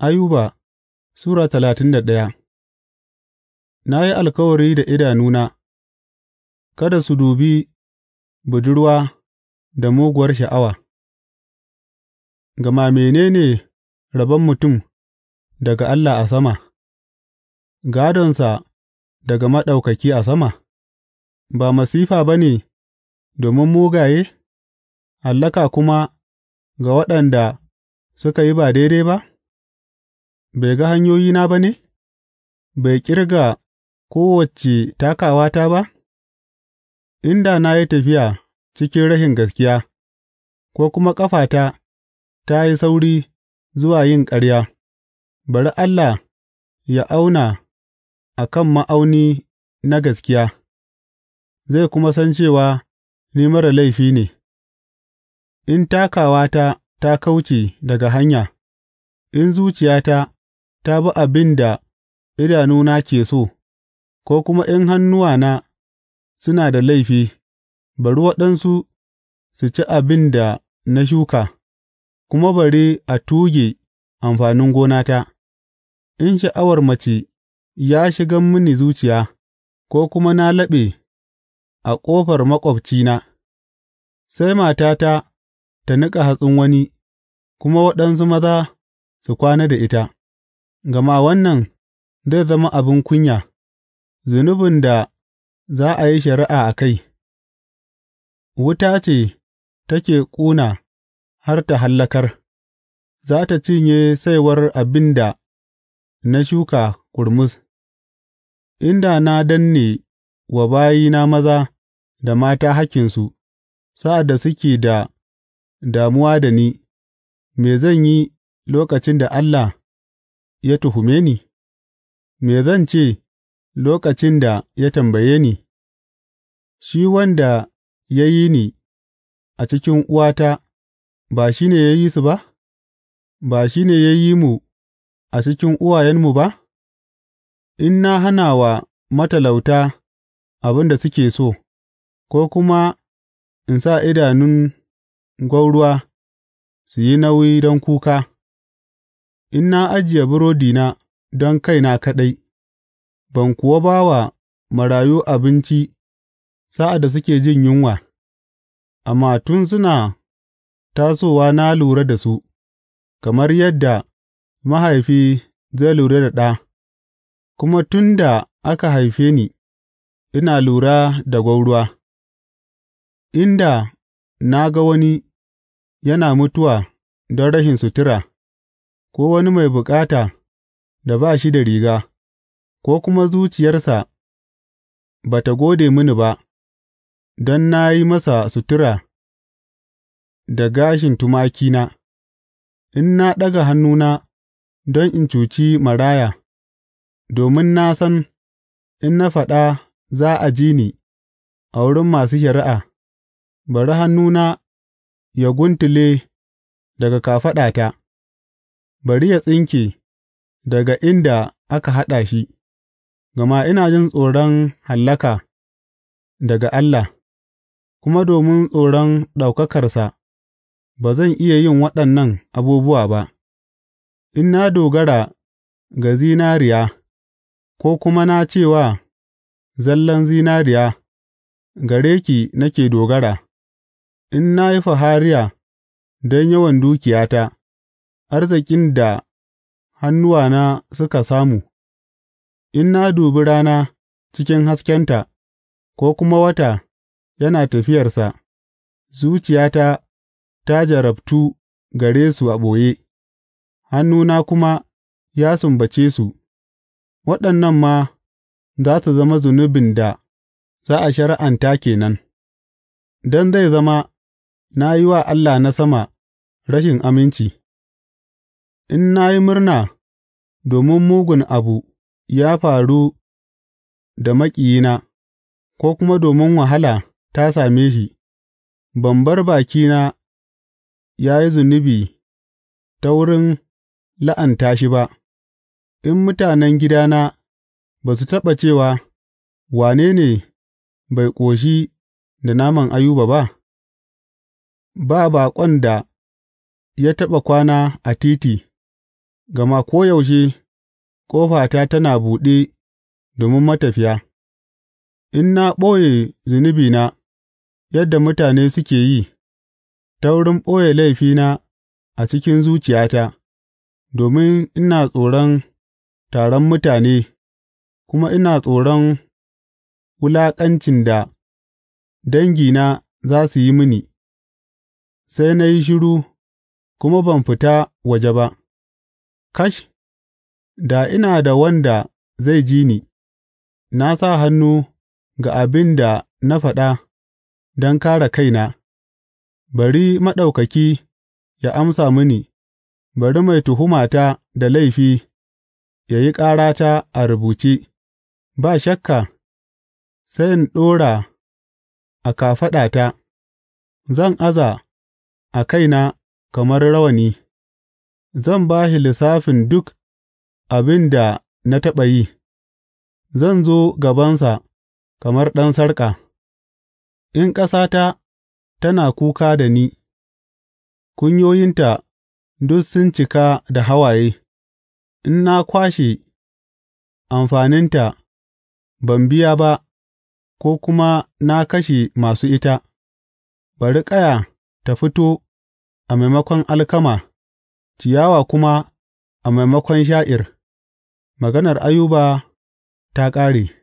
Ayuba Sura talatin da ɗaya Na yi alkawari da idanuna, Kada su dubi budurwa da muguwar sha'awa, gama menene rabon mutum daga Allah a sama, Gadonsa daga Maɗaukaki a sama, ba masifa ba ne domin mugaye, hallaka kuma ga waɗanda suka yi ba daidai ba? Bai ga hanyoyina ba ne, bai ƙirga kowace takawata ba, inda na yi tafiya cikin rashin gaskiya ko kuma ƙafata ta yi sauri zuwa yin ƙarya, bari Allah ya auna a kan ma'auni na gaskiya, zai kuma san cewa ni mara laifi ne, in takawata ta kauce daga hanya, in zuciyata ta bi abin da idanuna ke so, ko kuma in hannuwana suna da laifi, bari waɗansu su ci abin da na shuka, kuma bari a tuge amfanin gonata, in sha'awar mace ya shiga mini zuciya, ko kuma na laɓe a ƙofar maƙwabcina, sai matata ta niƙa hatsin wani, kuma waɗansu maza su kwana da ita. Gama wannan zai zama abin kunya, zunubin da za a yi shari'a a kai; wuta ce take ƙuna har ta hallakar, za ta cinye saiwar abin da na shuka ƙurmus, inda na danne wa bayina maza da mata hakkinsu sa'ad da suke da damuwa da ni, me zan yi lokacin da Allah. ya tuhume ni? Me zan ce lokacin da ya tambaye ni, Shi wanda ya yi ni a cikin uwata ba shi ne ya yi su ba? Ba shi ne ya yi mu a cikin uwayenmu ba? In na hana wa matalauta abin da suke so, ko kuma in sa idanun gwauruwa su yi nauyi don kuka. In na ajiye burodina don kaina kaɗai, ban kuwa ba wa marayu abinci sa'ad da suke jin yunwa, amma tun suna tasowa na lura da su, kamar yadda mahaifi zai lura da ɗa, kuma tun da aka haife ni, ina lura da gwauruwa, Inda na ga wani yana mutuwa don rashin sutura. ko wani mai bukata da ba shi da riga, ko kuma zuciyarsa ba ta gode mini ba, don na yi masa sutura da gashin tumakina, in na ɗaga hannuna don in cuci maraya, domin na san in na faɗa za a ji ni a wurin masu shari'a, bari hannuna ya guntule daga kafaɗata. bari yă tsinke daga inda aka haɗa shi, gama ina jin tsoron hallaka daga Allah, kuma domin tsoron ɗaukakarsa ba zan iya yin waɗannan abubuwa ba, in na dogara ga zinariya, ko kuma na ce wa zallan zinariya, Gare ki nake dogara, in na yi fahariya don yawan dukiyata. Arzikin da hannuwana suka samu, in na dubi rana cikin haskenta ko kuma wata yana tafiyarsa, zuciyata ta jarabtu gare su a ɓoye, hannuna kuma ya sumbace su, waɗannan ma za su zama zunubin da za a shari'anta ke nan, don zai zama na yi wa Allah na sama rashin aminci. In na yi murna domin mugun abu ya faru da maƙiyina, ko kuma domin wahala ta same shi, ban bar bakina ya yi zunubi ta wurin la'anta shi ba, in mutanen gidana ba su taɓa cewa, Wane ne bai ƙoshi da naman Ayuba ba?’ ba baƙon da ya taɓa kwana a titi. gama koyaushe ƙofata tana buɗe domin matafiya; in na ɓoye zunubina yadda mutane suke yi, ta wurin ɓoye laifina a cikin zuciyata, domin ina tsoron taron mutane kuma ina tsoron wulaƙancin da dangina za su yi mini, sai na yi shiru kuma ban fita waje ba. Kash, da ina da wanda zai ji ni, na sa hannu ga abin da na faɗa don kare kaina, bari Maɗaukaki ya amsa mini, bari mai tuhumata da laifi ya yi ƙarata a rubuce, ba shakka sai in ɗora a kafaɗata, zan aza a kaina kamar rawani. zan ba shi lissafin duk abin da na taɓa yi, zan zo gabansa kamar ɗan sarƙa, in ƙasata tana kuka da ni, kunyoyinta duk sun cika da hawaye, in na kwashe amfaninta ban biya ba ko kuma na kashe masu ita, bari ƙaya ta fito a maimakon alkama. ciyawa kuma a maimakon sha'ir, maganar Ayuba ta ƙare.